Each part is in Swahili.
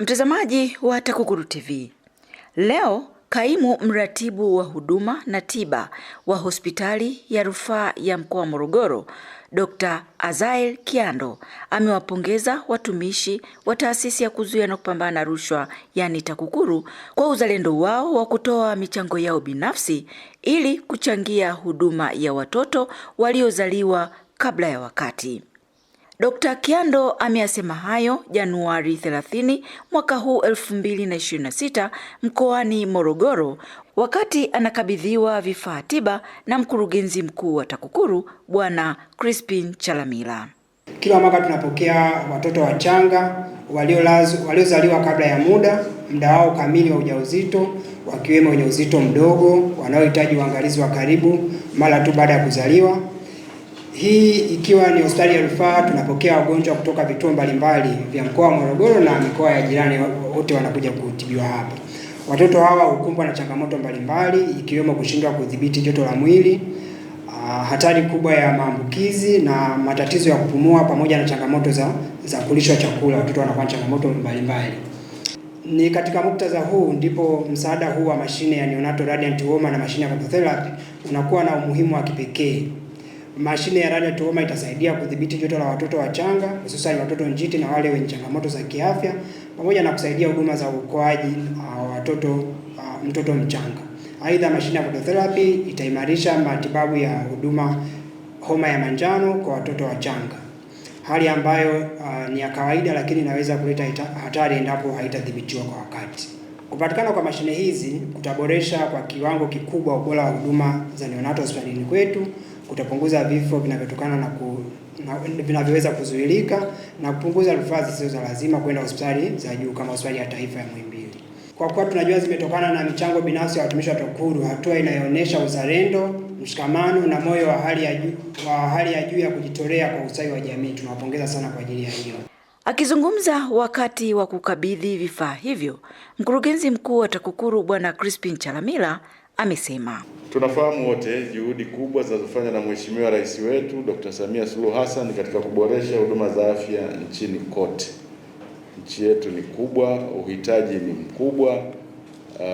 Mtazamaji wa TAKUKURU TV, leo kaimu mratibu wa huduma na tiba wa hospitali ya rufaa ya mkoa wa Morogoro, Dr. Azael kiando amewapongeza watumishi wa taasisi ya kuzuia na kupambana na rushwa yani TAKUKURU kwa uzalendo wao wa kutoa michango yao binafsi ili kuchangia huduma ya watoto waliozaliwa kabla ya wakati. Dkt. Kyando ameyasema hayo Januari 30 mwaka huu 2026 mkoani Morogoro wakati anakabidhiwa vifaa tiba na mkurugenzi mkuu wa TAKUKURU Bwana Crispin Chalamila. Kila mwaka tunapokea watoto wachanga waliozaliwa kabla ya muda muda wao kamili wa ujauzito, wakiwemo wenye uzito mdogo wanaohitaji uangalizi wa karibu mara tu baada ya kuzaliwa hii ikiwa ni hospitali ya rufaa, tunapokea wagonjwa kutoka vituo mbalimbali vya mkoa wa Morogoro na mikoa ya jirani, wote wanakuja kutibiwa hapa. Watoto hawa hukumbwa na changamoto mbalimbali ikiwemo kushindwa kudhibiti joto la mwili, ah, hatari kubwa ya maambukizi na matatizo ya kupumua pamoja na changamoto za, za kulishwa chakula. Watoto wanakuwa na changamoto mbalimbali. Ni katika muktadha huu ndipo msaada huu wa mashine ya neonatal radiant warmer na mashine ya phototherapy unakuwa na umuhimu wa kipekee. Mashine ya radio tuoma itasaidia kudhibiti joto la watoto wachanga, hususan watoto njiti na wale wenye changamoto za kiafya, pamoja na kusaidia huduma za uokoaji uh, watoto uh, mtoto mchanga. Aidha, mashine ya phototherapy itaimarisha matibabu ya huduma homa ya manjano kwa watoto wachanga, hali ambayo uh, ni ya kawaida, lakini inaweza kuleta hatari endapo haitadhibitiwa kwa wakati. Kupatikana kwa mashine hizi kutaboresha kwa kiwango kikubwa ubora wa huduma za neonatal hospitalini kwetu kutapunguza vifo vinavyotokana na ku vinavyoweza kuzuilika na kupunguza rufaa zisizo za lazima kwenda hospitali za juu kama hospitali ya taifa ya Muhimbili. Kwa kuwa tunajua zimetokana na michango binafsi ya watumishi wa TAKUKURU, hatua inayoonyesha uzalendo, mshikamano na moyo wa hali ya juu wa hali ya juu ya kujitolea kwa ustawi wa jamii. Tunawapongeza sana kwa ajili ya hiyo. Akizungumza wakati wa kukabidhi vifaa hivyo, mkurugenzi mkuu wa TAKUKURU Bwana Crispin Chalamila amesema. Tunafahamu wote juhudi kubwa zinazofanywa na Mheshimiwa Rais wetu Dr. Samia Suluhu Hassan katika kuboresha huduma za afya nchini kote. Nchi yetu ni kubwa, uhitaji ni mkubwa. Uh,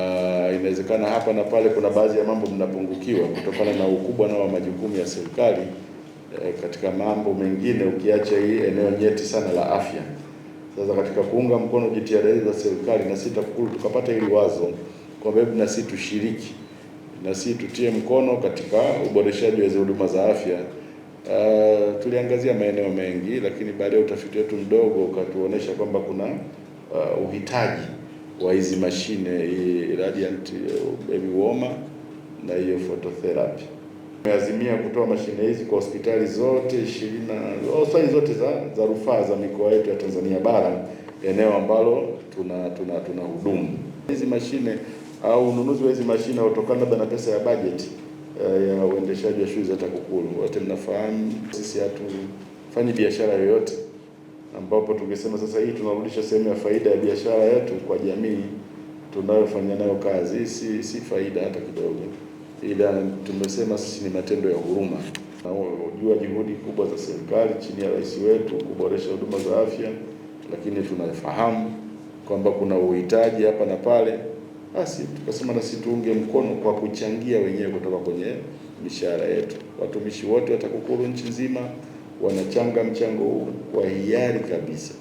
inawezekana hapa na pale kuna baadhi ya mambo mnapungukiwa kutokana na ukubwa na wa majukumu ya serikali eh, katika mambo mengine ukiacha hii eneo nyeti sana la afya. Sasa katika kuunga mkono jitihada hizi za serikali, na sisi TAKUKURU tukapata hili wazo kwamba hebu na sisi tushiriki na si tutie mkono katika uboreshaji wa huduma za afya. Uh, tuliangazia maeneo mengi, lakini baada ya utafiti wetu mdogo ukatuonesha kwamba kuna uh, uhitaji wa hizi mashine radiant eh, baby warmer na hiyo phototherapy. Tumeazimia kutoa mashine hizi kwa hospitali zote 20 hospitali zote za, za rufaa za mikoa yetu ya Tanzania bara eneo ambalo tuna tuna, tuna hudumu hizi mashine au ununuzi wa hizi mashine utokana labda na pesa ya uh, ya uendeshaji wa shughuli za TAKUKURU. Wote mnafahamu sisi hatufanyi biashara yoyote ambapo tungesema sasa hii tunarudisha sehemu ya faida ya biashara yetu kwa jamii tunayofanya nayo kazi, si si faida hata kidogo, ila tumesema sisi ni matendo ya huruma. Najua juhudi kubwa za serikali chini ya rais wetu kuboresha huduma za afya, lakini tunafahamu kwamba kuna uhitaji hapa na pale basi tukasema na sisi tuunge mkono kwa kuchangia wenyewe kutoka kwenye mishahara yetu. Watumishi wote watakukuru nchi nzima wanachanga mchango huu kwa hiari kabisa.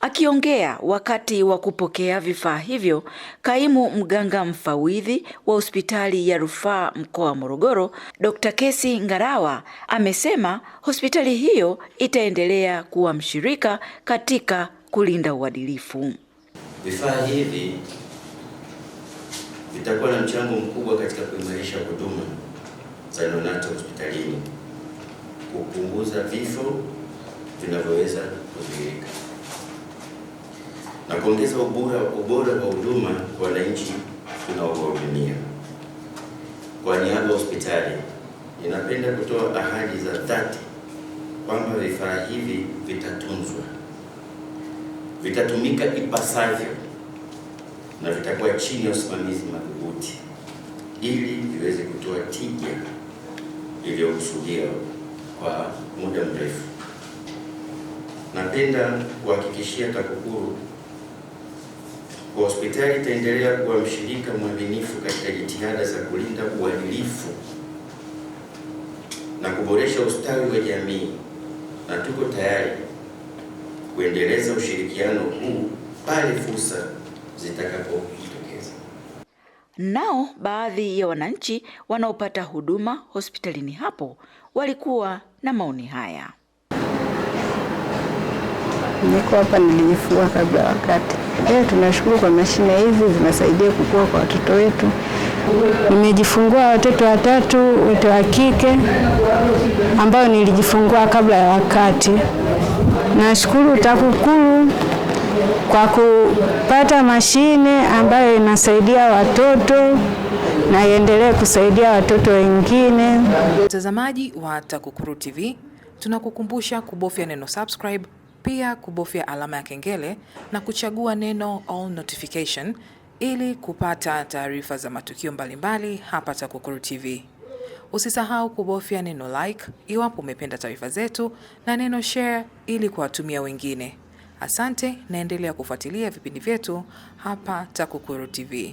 Akiongea wakati wa kupokea vifaa hivyo, kaimu mganga mfawidhi wa hospitali ya rufaa mkoa wa Morogoro, Dr. Kesi Ngarawa amesema hospitali hiyo itaendelea kuwa mshirika katika kulinda uadilifu. Vifaa hivi vitakuwa na mchango mkubwa katika kuimarisha huduma za neonatal hospitalini, kupunguza vifo vinavyoweza kuzuilika na kuongeza ubora, ubora wa huduma kwa wananchi tunaowahudumia. Kwa niaba ya hospitali, ninapenda kutoa ahadi za dhati kwamba vifaa hivi vitatunzwa, vitatumika ipasavyo na vitakuwa chini ya usimamizi madhubuti ili viweze kutoa tija iliyokusudiwa kwa muda mrefu. Napenda kuhakikishia TAKUKURU kwa hospitali itaendelea kuwa mshirika mwaminifu katika jitihada za kulinda uadilifu na kuboresha ustawi wa jamii, na tuko tayari kuendeleza ushirikiano huu pale fursa zitakapojitokeza. Nao baadhi ya wananchi wanaopata huduma hospitalini hapo walikuwa na maoni haya. Niko hapa nilijifungua kabla wakati. Leo tunashukuru kwa mashine hizi zinasaidia kukua kwa watoto wetu. Nimejifungua watoto watatu wote wa kike ambao nilijifungua kabla ya wakati. Nashukuru TAKUKURU kwa kupata mashine ambayo inasaidia watoto na iendelee kusaidia watoto wengine. Mtazamaji wa TAKUKURU TV, tunakukumbusha kubofya neno subscribe, pia kubofya alama ya kengele na kuchagua neno all notification ili kupata taarifa za matukio mbalimbali hapa TAKUKURU TV. Usisahau kubofya neno like iwapo umependa taarifa zetu na neno share ili kuwatumia wengine. Asante, naendelea kufuatilia vipindi vyetu hapa TAKUKURU TV.